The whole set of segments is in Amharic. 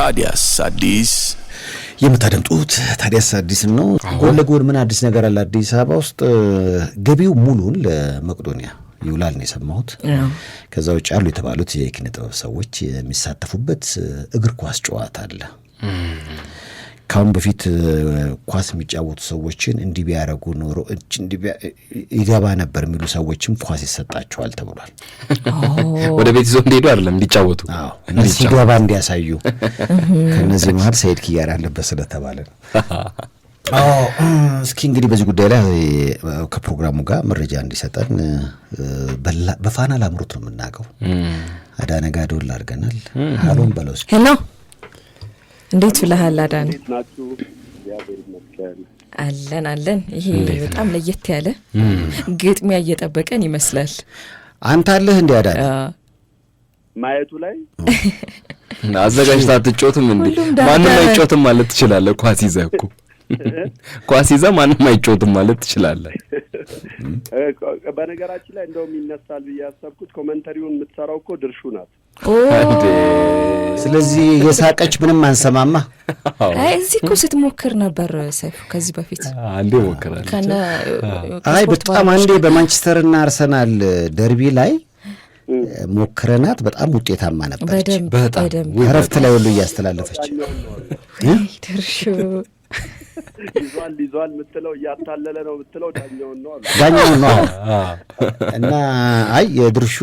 ታዲያስ አዲስ የምታደምጡት ታዲያስ አዲስ ነው። ጎን ለጎን ምን አዲስ ነገር አለ? አዲስ አበባ ውስጥ ገቢው ሙሉን ለመቅዶኒያ ይውላል ነው የሰማሁት። ከዛ ውጭ አሉ የተባሉት የኪነ ጥበብ ሰዎች የሚሳተፉበት እግር ኳስ ጨዋታ አለ። ከአሁን በፊት ኳስ የሚጫወቱ ሰዎችን እንዲህ ቢያደርጉ ኖሮ ይገባ ነበር የሚሉ ሰዎችም ኳስ ይሰጣቸዋል ተብሏል። ወደ ቤት ይዞ እንዲሄዱ አይደለም እንዲጫወቱ ሲገባ እንዲያሳዩ። ከነዚህ መሀል ሰይድ ኪያር አለበት ስለተባለ ነው። እስኪ እንግዲህ በዚህ ጉዳይ ላይ ከፕሮግራሙ ጋር መረጃ እንዲሰጠን በፋና ላምሮት ነው የምናውቀው። አዳነጋ ዶል አድርገናል። አሎን በለው እንዴት ብለሃል አዳን? አለን አለን። ይሄ በጣም ለየት ያለ ግጥሚያ እየጠበቀን ይመስላል። አንተ አለህ እንዲ አዳን ማየቱ ላይ አዘጋጅታ አትጮትም እንዴ? ማንም አይጮትም ማለት ትችላለህ። ኳስ ይዘህ እኮ ኳስ ይዘህ ማንም አይጮትም ማለት ትችላለህ። በነገራችን ላይ እንደውም ይነሳል ብዬ ያሰብኩት ኮመንተሪውን የምትሰራው እኮ ድርሹ ናት። ስለዚህ የሳቀች ምንም አንሰማማ። እዚህ እኮ ስትሞክር ነበር ሰይፉ ከዚህ በፊት አንዴ ሞክራለች። አይ በጣም አንዴ በማንቸስተርና አርሰናል ደርቢ ላይ ሞክረናት በጣም ውጤታማ ነበረች። በጣም እረፍት ላይ ሁሉ እያስተላለፈች ደርሹ ይዟል ይዟል ምትለው እያታለለ ነው ምትለው ዳኛውን ነው ዳኛውን ነው እና አይ የድርሹ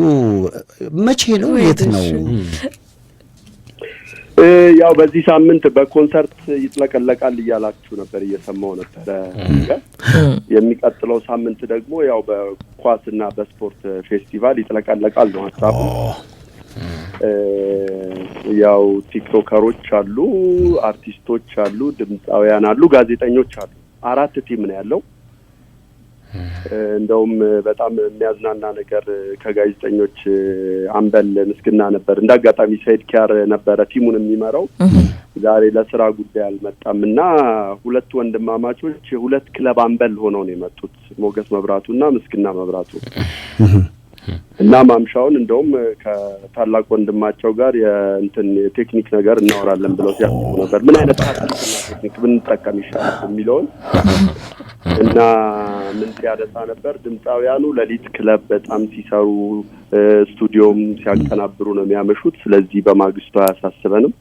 መቼ ነው የት ነው ያው በዚህ ሳምንት በኮንሰርት ይጥለቀለቃል እያላችሁ ነበር፣ እየሰማው ነበረ። የሚቀጥለው ሳምንት ደግሞ ያው በኳስ በስፖርት ፌስቲቫል ይጥለቀለቃል ነው ሀሳቡ። ያው ቲክቶከሮች አሉ፣ አርቲስቶች አሉ፣ ድምፃውያን አሉ፣ ጋዜጠኞች አሉ። አራት ቲም ነው ያለው። እንደውም በጣም የሚያዝናና ነገር ከጋዜጠኞች አምበል ምስግና ነበር። እንደ አጋጣሚ ሰይድ ኪያር ነበረ ቲሙን የሚመራው። ዛሬ ለስራ ጉዳይ አልመጣም እና ሁለት ወንድማማቾች የሁለት ክለብ አምበል ሆነው ነው የመጡት ሞገስ መብራቱ እና ምስግና መብራቱ እና ማምሻውን እንደውም ከታላቅ ወንድማቸው ጋር የእንትን የቴክኒክ ነገር እናወራለን ብለው ሲያስቡ ነበር። ምን አይነት ቴክኒክ ብንጠቀም ይሻላል የሚለውን እና ምን ሲያደሳ ነበር ድምፃውያኑ ለሊት ክለብ በጣም ሲሰሩ ስቱዲዮም ሲያቀናብሩ ነው የሚያመሹት። ስለዚህ በማግስቱ አያሳስበንም።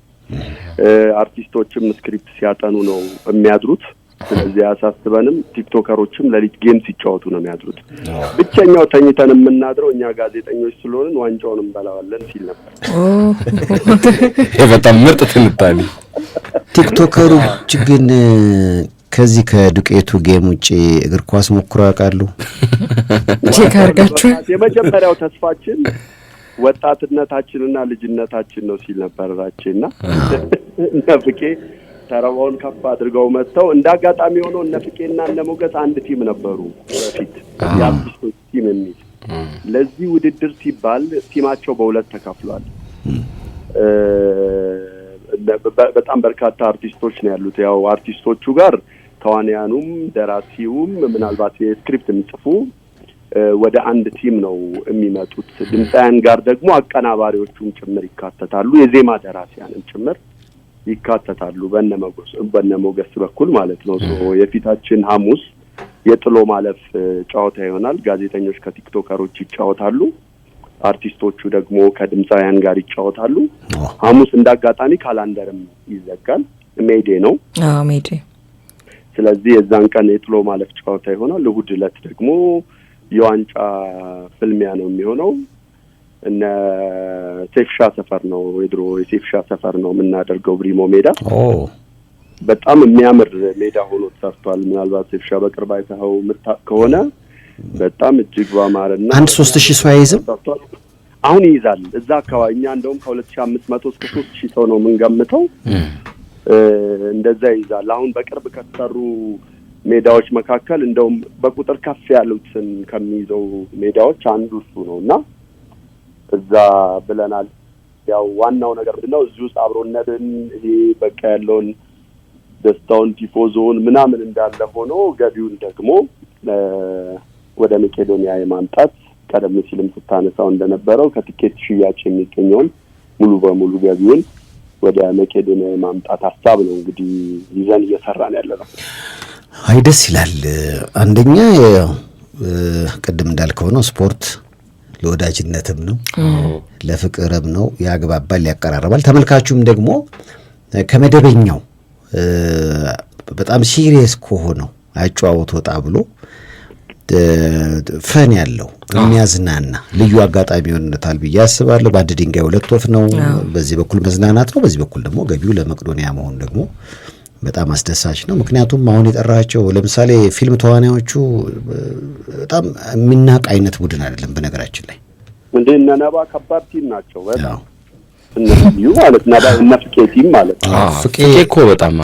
አርቲስቶችም ስክሪፕት ሲያጠኑ ነው የሚያድሩት። ስለዚህ አያሳስበንም። ቲክቶከሮችም ለሊት ጌም ሲጫወቱ ነው የሚያድሩት። ብቸኛው ተኝተን የምናድረው እኛ ጋዜጠኞች ስለሆንን ዋንጫውን እንበላዋለን ሲል ነበር። በጣም ምርጥ ትንታኔ። ቲክቶከሮች ግን ከዚህ ከዱቄቱ ጌም ውጭ እግር ኳስ ሞክሮ ያውቃሉ? ቼክ አድርጋችሁ የመጀመሪያው ተስፋችን ወጣትነታችንና ልጅነታችን ነው ሲል ነበር ራቼ እና ተረባውን ከፍ አድርገው መጥተው እንደ አጋጣሚ ሆኖ እነ ፍቄና እነ ሞገስ አንድ ቲም ነበሩ በፊት የአርቲስቶች ቲም የሚል ለዚህ ውድድር ሲባል ቲማቸው በሁለት ተከፍሏል። በጣም በርካታ አርቲስቶች ነው ያሉት። ያው አርቲስቶቹ ጋር ተዋንያኑም ደራሲውም ምናልባት የስክሪፕት የሚጽፉ ወደ አንድ ቲም ነው የሚመጡት። ድምፃያን ጋር ደግሞ አቀናባሪዎቹም ጭምር ይካተታሉ። የዜማ ደራሲያንም ጭምር ይካተታሉ። በነ ሞገስ በኩል ማለት ነው። የፊታችን ሐሙስ የጥሎ ማለፍ ጨዋታ ይሆናል። ጋዜጠኞች ከቲክቶከሮች ይጫወታሉ። አርቲስቶቹ ደግሞ ከድምፃውያን ጋር ይጫወታሉ። ሐሙስ እንደ አጋጣሚ ካላንደርም ይዘጋል። ሜዴ ነው ሜዴ ስለዚህ የዛን ቀን የጥሎ ማለፍ ጨዋታ ይሆናል። እሁድ ዕለት ደግሞ የዋንጫ ፍልሚያ ነው የሚሆነው። እነ ሴፍሻ ሰፈር ነው የድሮ የሴፍሻ ሰፈር ነው የምናደርገው ብሪሞ ሜዳ በጣም የሚያምር ሜዳ ሆኖ ተሰርቷል። ምናልባት ሴፍሻ በቅርብ አይተኸው ምታ- ከሆነ በጣም እጅግ ባማረና አንድ ሶስት ሺህ ሰው አይይዝም አሁን ይይዛል። እዛ አካባቢ እኛ እንደውም ከሁለት ሺህ አምስት መቶ እስከ ሶስት ሺህ ሰው ነው የምንገምተው። እንደዛ ይይዛል። አሁን በቅርብ ከተሰሩ ሜዳዎች መካከል እንደውም በቁጥር ከፍ ያሉትን ከሚይዘው ሜዳዎች አንዱ እሱ ነው እና እዛ ብለናል። ያው ዋናው ነገር ምንድን ነው እዚህ ውስጥ አብሮነትን ይሄ በቃ ያለውን ደስታውን ቲፎዞውን ምናምን እንዳለ ሆኖ ገቢውን ደግሞ ወደ መቄዶንያ የማምጣት ቀደም ሲልም ስታነሳው እንደነበረው ከትኬት ሽያጭ የሚገኘውን ሙሉ በሙሉ ገቢውን ወደ መቄዶኒያ የማምጣት ሀሳብ ነው እንግዲህ ይዘን እየሰራን ያለ ነው። አይ ደስ ይላል። አንደኛ ቅድም እንዳልከው ነው ስፖርት ለወዳጅነትም ነው ለፍቅርም ነው፣ ያግባባል፣ ያቀራርባል። ተመልካቹም ደግሞ ከመደበኛው በጣም ሲሪየስ ከሆነው አጨዋወት ወጣ ብሎ ፈን ያለው የሚያዝናና ልዩ አጋጣሚ ይሆንለታል ብዬ አስባለሁ። በአንድ ድንጋይ ሁለት ወፍ ነው። በዚህ በኩል መዝናናት ነው፣ በዚህ በኩል ደግሞ ገቢው ለመቅዶኒያ መሆን ደግሞ በጣም አስደሳች ነው። ምክንያቱም አሁን የጠራቸው ለምሳሌ ፊልም ተዋናዮቹ በጣም የሚናቅ አይነት ቡድን አይደለም። በነገራችን ላይ እንደ እነ ነባ ከባድ ቲም ናቸው። ማለት ነባ እነ ፍቄ ቲም ማለት ነው። ፍቄ እኮ በጣም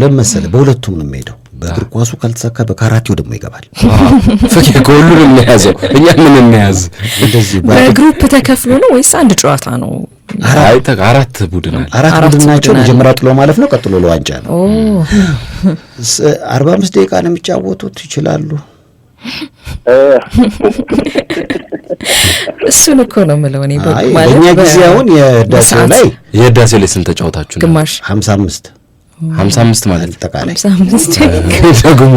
ለምን መሰለህ በሁለቱም ነው የሚሄደው በእግር ኳሱ ካልተሳካ በካራቴው ደግሞ ይገባል። ከሁሉም የሚያዘው እኛ ምን የሚያዝ በግሩፕ ተከፍሎ ነው ወይስ አንድ ጨዋታ ነው? አራት ቡድን አራት ቡድን ናቸው። መጀመሪያ ጥሎ ማለፍ ነው፣ ቀጥሎ ለዋንጫ ነው። አርባ አምስት ደቂቃ ነው የሚጫወቱት ይችላሉ። እሱን እኮ ነው የምለው እኔ በእኛ ጊዜ አሁን የህዳሴው ላይ የህዳሴው ላይ ስንት ተጫወታችሁ? ግማሽ ሀምሳ አምስት ሀምሳ አምስት ማለት አጠቃላይ ደግሞ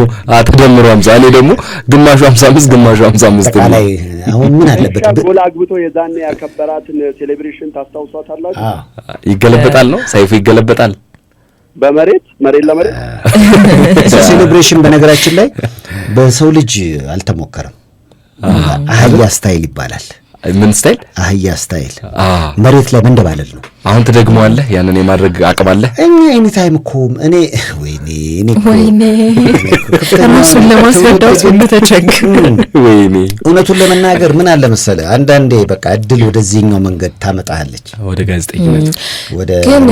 ተደምሮ ሀምሳ እኔ ደግሞ ግማሹ ሀምሳ አምስት ግማሹ ሀምሳ አምስት ላይ አሁን ምን አለበት ጎል አግብቶ የዛን ያከበራትን ሴሌብሬሽን ታስታውሷታላችሁ? ይገለበጣል ነው ሰይፉ ይገለበጣል በመሬት መሬት ለመሬት ሴሌብሬሽን በነገራችን ላይ በሰው ልጅ አልተሞከረም። አህያ ስታይል ይባላል። ምን ስታይል? አህያ ስታይል መሬት ላይ መንደባለል ነው። አሁን ትደግመዋለህ? ያንን የማድረግ አቅም አለህ? እኔ ኤኒ ታይም እኮ እኔ ወይኔ እኔ ወይኔ ራሱን ለማስረዳት ሁሉ ተቸግረን ወይኔ። እውነቱን ለመናገር ምን አለ መሰለህ፣ አንዳንዴ በቃ እድል ወደዚህኛው መንገድ ታመጣለች፣ ወደ ጋዜጠኝነት። ግን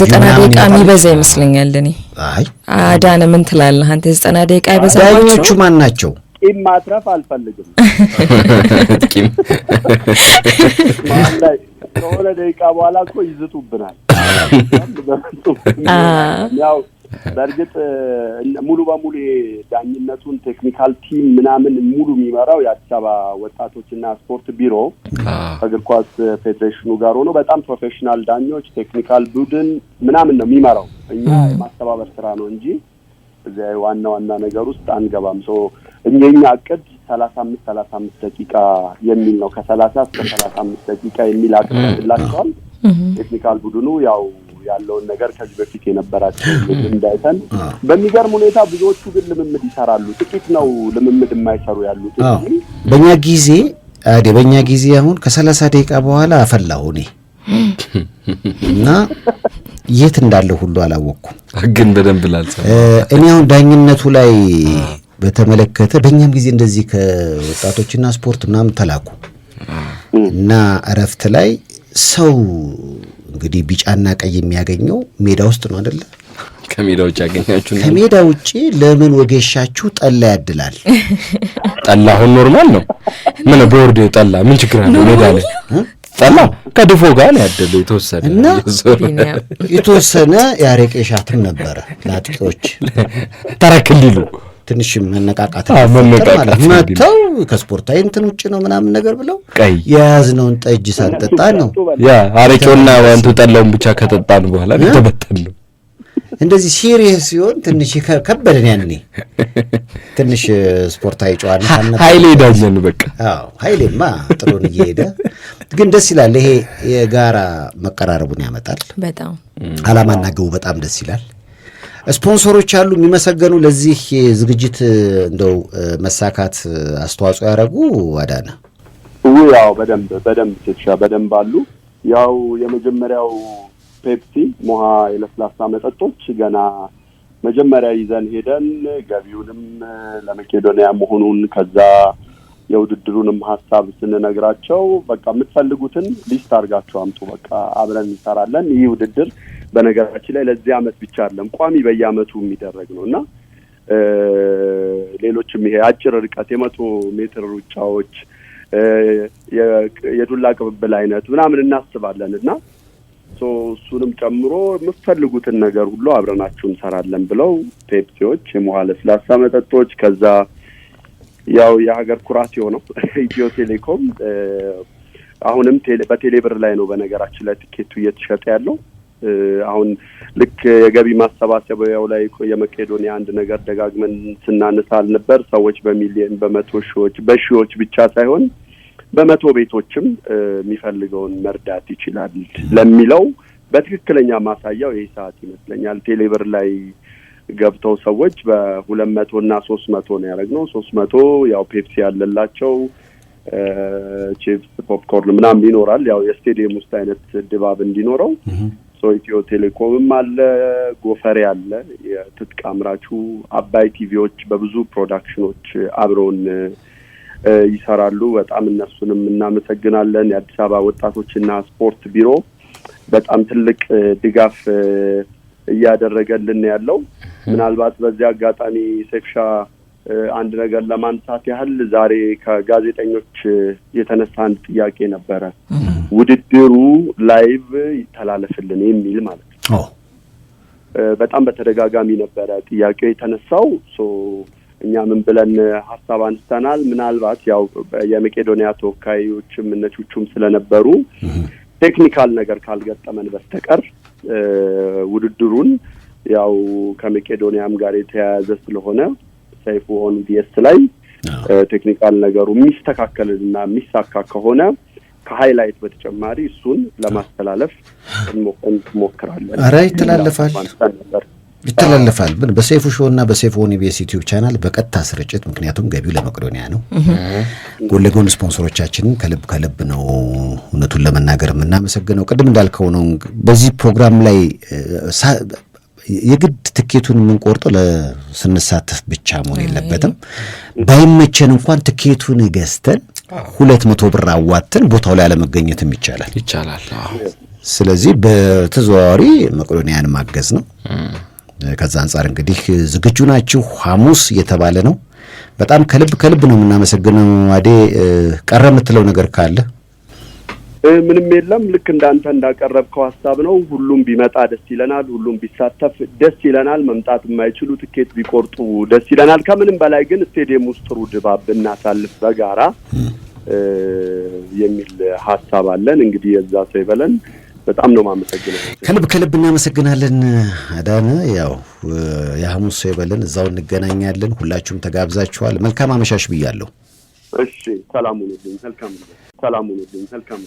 ዘጠና ደቂቃ የሚበዛ ይመስለኛል። እኔ አይ አዳነ ምን ትላለህ አንተ? ዘጠና ደቂቃ ይበዛ። ዳኞቹ ማን ናቸው? ቂም ማትረፍ አልፈልግም። ላይ ከሆነ ደቂቃ በኋላ እኮ ይዝጡብናል። ያው በእርግጥ ሙሉ በሙሉ ዳኝነቱን ቴክኒካል ቲም ምናምን ሙሉ የሚመራው የአዲስ አበባ ወጣቶችና ስፖርት ቢሮ ከእግር ኳስ ፌዴሬሽኑ ጋር ሆኖ በጣም ፕሮፌሽናል ዳኞች፣ ቴክኒካል ቡድን ምናምን ነው የሚመራው። እኛ የማስተባበር ስራ ነው እንጂ እዚያ ዋና ዋና ነገር ውስጥ አንገባም። የኛ እቅድ ሰላሳ አምስት ሰላሳ አምስት ደቂቃ የሚል ነው። ከሰላሳ እስከ ሰላሳ አምስት ደቂቃ የሚል አቅርበንላቸዋል። ቴክኒካል ቡድኑ ያው ያለውን ነገር ከዚህ በፊት የነበራቸው እንዳይተን በሚገርም ሁኔታ ብዙዎቹ ግን ልምምድ ይሰራሉ። ጥቂት ነው ልምምድ የማይሰሩ ያሉት። በእኛ ጊዜ አዴ በእኛ ጊዜ አሁን ከሰላሳ ደቂቃ በኋላ አፈላሁ እኔ እና የት እንዳለው ሁሉ አላወቅኩም፣ ግን በደንብ ላልሰ እኔ አሁን ዳኝነቱ ላይ በተመለከተ በእኛም ጊዜ እንደዚህ ከወጣቶችና ስፖርት ምናምን ተላኩ እና እረፍት ላይ ሰው እንግዲህ ቢጫና ቀይ የሚያገኘው ሜዳ ውስጥ ነው አደለ? ከሜዳ ውጭ ያገኛችሁ ከሜዳ ውጭ ለምን ወገሻችሁ ጠላ ያድላል። ጠላ አሁን ኖርማል ነው። ምን ቦርድ ጠላ ምን ችግር አለ? ሜዳ ላይ ጠላ ከድፎ ጋር ነው ያደለው። የተወሰነ እና የተወሰነ ያረቄ ሻትም ነበረ ለአጥቂዎች ተረክ እንዲሉ ትንሽ መነቃቃት መጥተው ከስፖርታዊ እንትን ውጭ ነው ምናምን ነገር ብለው የያዝነውን ጠጅ ሳንጠጣ ነው አረቄውና ዋንቱ ጠላውን ብቻ ከጠጣን በኋላ ተበተን ነው። እንደዚህ ሲሪየስ ሲሆን ትንሽ ከበደን። ያኔ ትንሽ ስፖርታዊ ጨዋነት ኃይሌ ዳኘን በቃ ኃይሌማ ጥሎን እየሄደ ግን ደስ ይላል። ይሄ የጋራ መቀራረቡን ያመጣል። በጣም አላማና ግቡ በጣም ደስ ይላል። ስፖንሰሮች አሉ የሚመሰገኑ ለዚህ ዝግጅት እንደው መሳካት አስተዋጽኦ ያደረጉ አዳነ? ያው በደንብ በደንብ ሴትሻ በደንብ አሉ። ያው የመጀመሪያው ፔፕሲ ሞሃ የለስላሳ መጠጦች ገና መጀመሪያ ይዘን ሄደን ገቢውንም ለመቄዶንያ መሆኑን ከዛ የውድድሩንም ሀሳብ ስንነግራቸው በቃ የምትፈልጉትን ሊስት አድርጋቸው አምጡ፣ በቃ አብረን እንሰራለን። ይህ ውድድር በነገራችን ላይ ለዚህ አመት ብቻ አይደለም ቋሚ በየአመቱ የሚደረግ ነው እና ሌሎችም ይሄ አጭር ርቀት የመቶ ሜትር ሩጫዎች የዱላ ቅብብል አይነት ምናምን እናስባለን እና እሱንም ጨምሮ የምትፈልጉትን ነገር ሁሉ አብረናችሁ እንሰራለን ብለው ፔፕሲዎች፣ የመዋ ለስላሳ መጠጦች ከዛ ያው የሀገር ኩራት የሆነው ኢትዮ ቴሌኮም አሁንም በቴሌብር ላይ ነው በነገራችን ላይ ትኬቱ እየተሸጠ ያለው አሁን ልክ የገቢ ማሰባሰቢያው ላይ የመቄዶኒያ አንድ ነገር ደጋግመን ስናነሳ አልነበር? ሰዎች በሚሊዮን በመቶ ሺዎች በሺዎች ብቻ ሳይሆን በመቶ ቤቶችም የሚፈልገውን መርዳት ይችላል ለሚለው በትክክለኛ ማሳያው ይህ ሰዓት ይመስለኛል። ቴሌብር ላይ ገብተው ሰዎች በሁለት መቶ እና ሶስት መቶ ነው ያደረግነው። ሶስት መቶ ያው ፔፕሲ ያለላቸው ቺፕስ፣ ፖፕኮርን ምናምን ይኖራል። ያው የስቴዲየም ውስጥ አይነት ድባብ እንዲኖረው ሶ ኢትዮ ቴሌኮምም አለ፣ ጎፈሬ አለ። የትጥቅ አምራቹ አባይ ቲቪዎች በብዙ ፕሮዳክሽኖች አብረውን ይሰራሉ። በጣም እነሱንም እናመሰግናለን። የአዲስ አበባ ወጣቶችና ስፖርት ቢሮ በጣም ትልቅ ድጋፍ እያደረገልን ያለው ምናልባት በዚህ አጋጣሚ ሴክሻ አንድ ነገር ለማንሳት ያህል ዛሬ ከጋዜጠኞች የተነሳ አንድ ጥያቄ ነበረ። ውድድሩ ላይቭ ይተላለፍልን የሚል ማለት ነው። በጣም በተደጋጋሚ ነበረ ጥያቄው የተነሳው። እኛ ምን ብለን ሀሳብ አንስተናል። ምናልባት ያው የመቄዶንያ ተወካዮችም እነቹቹም ስለነበሩ ቴክኒካል ነገር ካልገጠመን በስተቀር ውድድሩን ያው ከመቄዶንያም ጋር የተያያዘ ስለሆነ ሰይፉ ኦን ቢኤስ ላይ ቴክኒካል ነገሩ የሚስተካከልና የሚሳካ ከሆነ ከሀይላይት በተጨማሪ እሱን ለማስተላለፍ እንሞክራለን። ኧረ ይተላለፋል ይተላለፋል በሴፉ ሾው እና በሴፉ ኦን ኢቢኤስ ዩቲዩብ ቻናል በቀጥታ ስርጭት። ምክንያቱም ገቢው ለመቅዶኒያ ነው። ጎን ለጎን ከልብ ከልብ ነው እውነቱን ለመናገር የምናመሰግነው። ቅድም እንዳልከው ነው በዚህ ፕሮግራም ላይ የግድ ትኬቱን የምንቆርጠው ለስንሳተፍ ብቻ መሆን የለበትም። ባይመቸን እንኳን ትኬቱን ገዝተን ሁለት መቶ ብር አዋትን ቦታው ላይ አለመገኘትም ይቻላል ይቻላል። ስለዚህ በተዘዋዋሪ መቄዶንያን ማገዝ ነው። ከዛ አንጻር እንግዲህ ዝግጁ ናችሁ ሐሙስ የተባለ ነው። በጣም ከልብ ከልብ ነው የምናመሰግነው። አዴ ቀረ የምትለው ነገር ካለ ምንም የለም። ልክ እንዳንተ እንዳቀረብከው ሀሳብ ነው። ሁሉም ቢመጣ ደስ ይለናል። ሁሉም ቢሳተፍ ደስ ይለናል። መምጣት የማይችሉ ትኬት ቢቆርጡ ደስ ይለናል። ከምንም በላይ ግን ስቴዲየም ውስጥ ጥሩ ድባብ ብናሳልፍ በጋራ የሚል ሀሳብ አለን። እንግዲህ የዛ ሰው ይበለን። በጣም ነው ማመሰግነው። ከልብ ከልብ እናመሰግናለን አዳነ። ያው የሐሙስ ሰው ይበለን። እዛው እንገናኛለን። ሁላችሁም ተጋብዛችኋል። መልካም አመሻሽ ብያለሁ። እሺ ሰላም ሁኑልኝ። መልካም ሰላም ሁኑልኝ። መልካም